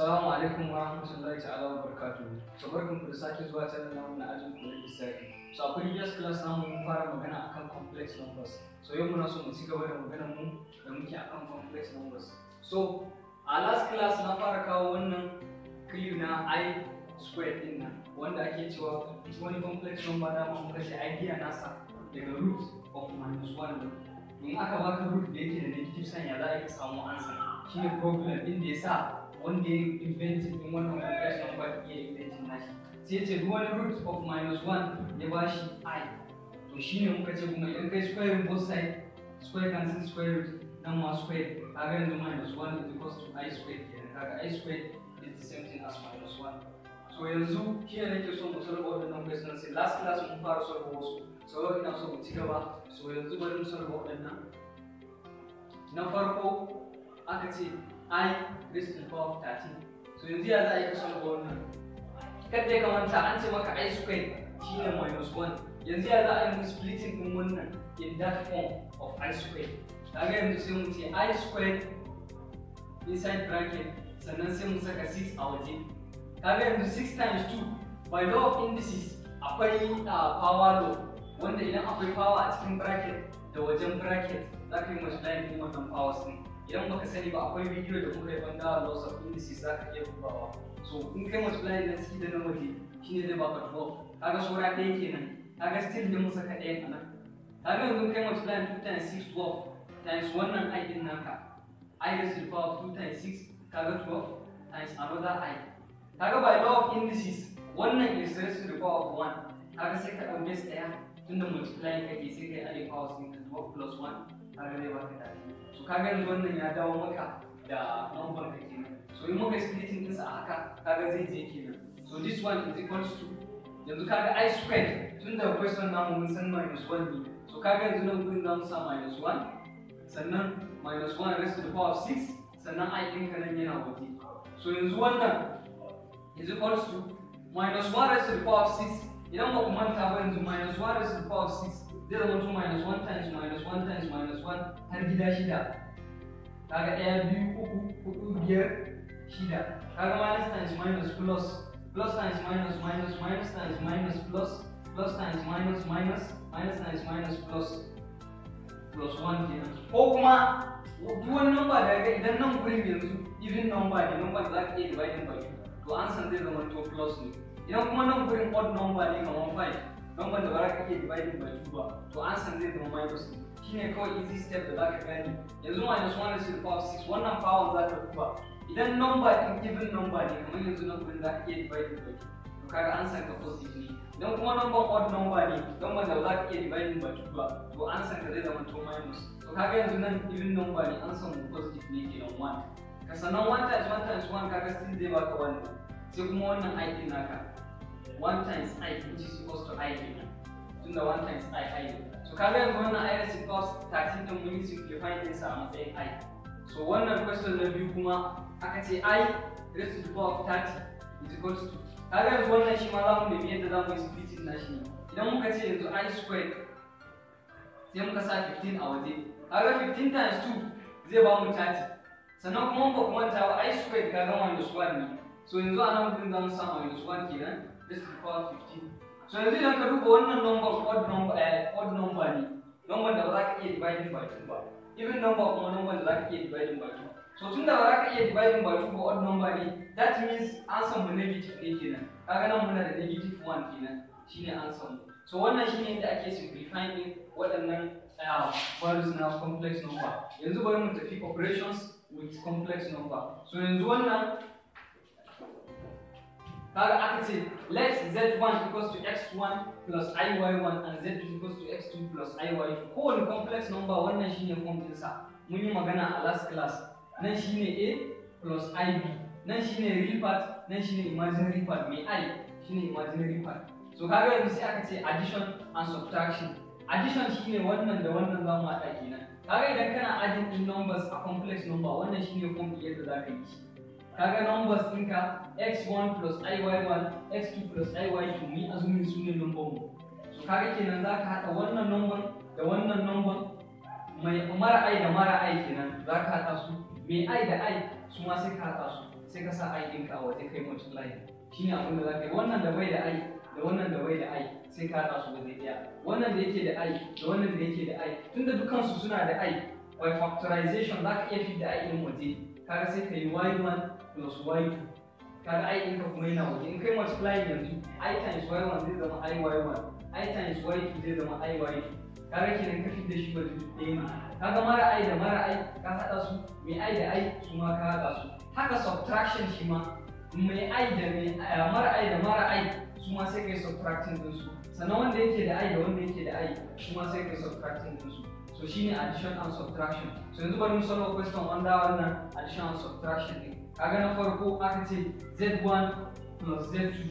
Salamu alaikum wa rahmatullahi ta'ala wa barakatuhu. Sabarkan ku da sake zuwa channel namu na ajin da sake. So a previous class namu mun fara magana akan complex numbers. So yau muna so mu ci gaba da magana mu da muke akan complex numbers. So a last class na fara kawo wannan clue na i squared din nan wanda ake cewa wani complex number da mu kashe idea nasa daga root of minus 1 Mun aka baka root da yake da negative sign ya za ka samu answer ne problem din da sa? wanda ya inventin din wannan compression ba iya inventin nashi sai ya ce duk wani root of minus 1 ya ba shi i to shi ne muka ce kuma idan kai square root both side square cancel square root nan ma square kaga yanzu minus 1 is equals to i square kenan kaga i square is the same thing as minus 1 so yanzu shi ne nake so mu sarrafa waɗannan questions sai last class mun fara sarrafa wasu sauran ina so mu ci gaba so yanzu bari mu sarrafa waɗannan na farko aka ce i raised to the power of 13 so yanzu ya za a yi kaso ga wannan kada ya kamanta an ce maka i squared ne minus 1 yanzu ya za a yi splitting din wannan in that form of i squared kaga yanzu sai mu ce i squared inside bracket sannan sai mu saka 6 a waje kaga yanzu 6 times 2 by law of indices akwai power law wanda idan akwai power a cikin bracket da wajen bracket za ka yi multiplying din wannan powers din idan baka sani ba akwai bidiyo da kuma yaban da loss of indices za ka iya dubawa so in kai multiply da ciki da na waje shine zai baka 12 kenan still 2 6 12 times wannan i in naka i raised the power of 2 times 6 kaga 12 times another i kaga by law of indices wannan is the power of 1 kaga sai ka ɗau base ɗaya tunda multiply kake sai kai alif power 12 plus 1 kaga ba baka dadi to ga yanzu wannan ya dawo maka da number ka nan? so in muka splitting ɗinsa a haka kaga zai je kenan so this one is equals to yanzu kaga i squared tun da question namu mun san minus 1 ne so kaga yanzu nan gurin za sa minus 1 sannan minus 1 raised to the power of 6 sannan i ka nan yana waje so yanzu wannan is equals to minus 1 raised to the power of 6 idan ba ku manta ba yanzu minus 1 raised to the power 6 zai zama to minus 1 times minus 1 times minus 1 har gida shida kaga ɗaya biyu uku hudu biyar shida kaga minus times minus plus plus times minus minus minus times minus plus plus times minus minus minus times minus plus plus 1 kenan ko kuma duk wani number da ga idan nan gurin yanzu even number ne number da za ka iya dividing by to answer zai zama to plus ne idan kuma nan gurin odd number ne kamar 5 number da ba za ka iya dividing by 2 ba to answer zai zama minus Shi ne kawai easy step da za ka gani yanzu ma yanzu is to power 6 wannan power za ka duba idan number din given number ne kamar yanzu nan gurin za ka iya dividing by 2 to kaga answer ka positive ne idan kuma number odd number ne number da ba za ka iya dividing by 2 ba to answer ka zai zama to minus to kaga yanzu nan even number ne answer mu positive ne kenan 1 ka sannan 1 times 1 times 1 kaga still zai baka 1 ne. sai kuma wannan aikin naka one times i which is equals to i kenan da one times i i so ga yanzu wannan i is equals 13 din mun yi simplify din sa a matsayin i so wannan question na biyu kuma aka ce i raised to the power of 30 is equals to ga yanzu wannan shi ma za mu nemi yadda za mu yi splitting na shi idan muka ce yanzu i squared sai muka sa 15 a waje ga 15 times 2 zai ba mu 30 sannan kuma muka kuma ta ba i squared ga minus su ne Eh, so yanzu a nan za mu samu this is power 15 so yanzu ka duba wannan number odd number odd number ne number da ba za ka iya dividing by 2 ba even number kuma number da za ka iya dividing by 2 so tun da ba za ka iya dividing by 2 ba odd number ne that means answer mu negative ne kenan kaga nan muna da negative 1 kenan shine answer mu so wannan shine da ake simplifying waɗannan values eh, na complex number yanzu bari mu tafi operations with complex number so yanzu wannan Par aka let z1 equals to x1 plus iy1 and z2 equals to x2 plus iy2 kowane complex number wannan shine form ɗinsa mun yi magana a last class nan shine a plus ib nan shine real part nan shine imaginary part mai i shine imaginary part so kaga yanzu sai aka ce addition and subtraction addition shine wannan da wannan zamu haɗa kenan kaga idan kana adding numbers a complex number wannan shine form ɗin yadda za ka yi shi kaga numbers din ka, x1 plus iy1 x2 plus iy2 mu yi azumin su ne number mu so kaga kenan za ka haɗa wannan number da wannan number mai mara i da mara i kenan za ka haɗa su mai i da ai su ma sai ka haɗa su sai ka sa i ɗinka a waje kai multiply shine abin da za ka yi wannan da bai da ai da wannan da bai da ai sai ka haɗa su gaba ɗaya wannan da yake da ai da wannan da yake da ai tunda dukansu suna da ai by factorization za ka iya fi da ai ɗin waje kaga sai ka y1 plus y2 kaga i ɗinka kuma yana waje in kai multiplying yanzu i times y1 zai zama i y1 i times y2 zai zama i y2 kaga kenan ka fitar shi waje ɗaya ne kaga mara i da mara i ka haɗa su mai i da i su ma ka haɗa su haka subtraction shi ma mai i da mai eh, mara i da mara i su ma sai kai subtracting din su sannan wanda yake da i da wanda yake da i su ma sai kai subtraction din su so shine addition and subtraction so yanzu bari mu solve question wanda wannan addition and subtraction ne kaga na farko z1 plus z2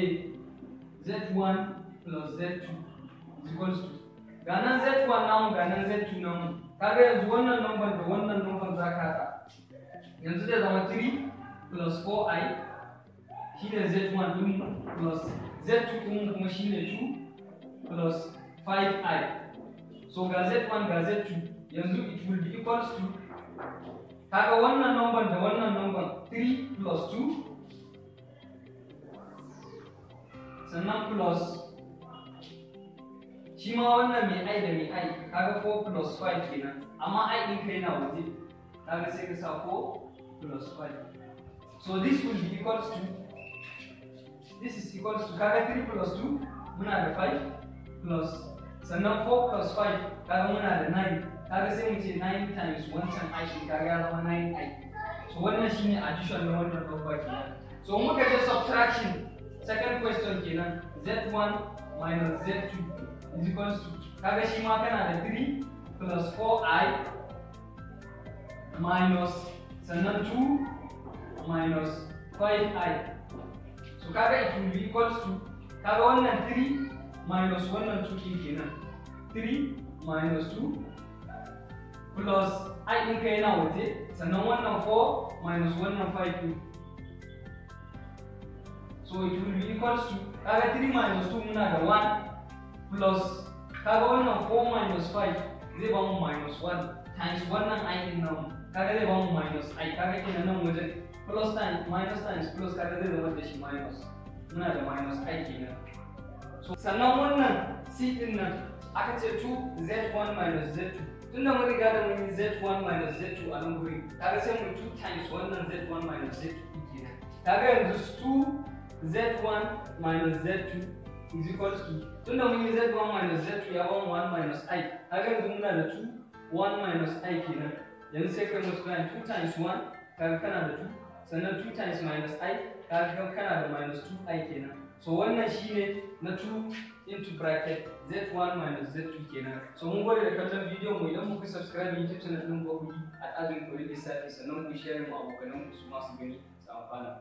a z1 plus z2 is equal to ga nan z1 namu ga nan z2 namu kaga yanzu wannan number da wannan number za ka haɗa yanzu zai zama 3 plus 4i shine z1 plus z2 ɗin shine 2 plus 5i so ga 1 ga 2 yanzu it will be equals to kaga wannan number da wannan number 3 plus 2 sannan plus shi ma wannan mai ai da mai ai, kaga 4 plus 5 kenan amma i din kai na waje kaga sai ka sa 4 plus 5 so this will be equals to this is equals to kaga 3 plus 2 muna da 5 plus sannan 4 plus 5 kaga muna da 9 kaga sai mu ce 9 times ten i kaga ya zama 9i so wannan shine addition na wannan babba kenan so muka je subtraction second question kenan z1 minus z2 is equals to kaga shi ma kana da 3 plus 4i minus sannan 2 minus 5i so kaga it will be equals to kaga wannan 3 minus 2 kin kenan 3 minus 2 plus i kai yana waje sannan wannan 4 minus 1 and 5 2 so it will be equals to kaga 3 minus 2 muna da 1 plus kaga wannan 4 minus 5 zai ba mu minus 1 times wannan i ɗin namu kaga zai ba mu minus i kaga kenan nan wajen plus times minus times plus kaga zai zama da shi minus muna da minus i kenan sannan wannan c din nan aka ce 2z1 minus z2 tunda mun riga da mun yi z1 minus z2 a nan ta kaga sai mun 2 times wannan z1 minus z2 kenan kaga yanzu 2z1 minus z2 is equal to tunda mun yi z1 minus z2 ya bamu 1 minus i kaga yanzu muna da 2 1 minus i kenan yanzu sai kai mu square 2 times 1 kaga kana da 2 sannan 2 times minus i ga kana da minus 2i kenan so wannan shine na 2 into bracket z1 minus z2 kenan so mun gode da kallon bidiyon mu idan muka subscribe youtube channel din gobe at agri police service sannan ku share mu abokanan ku su masu gani su amfana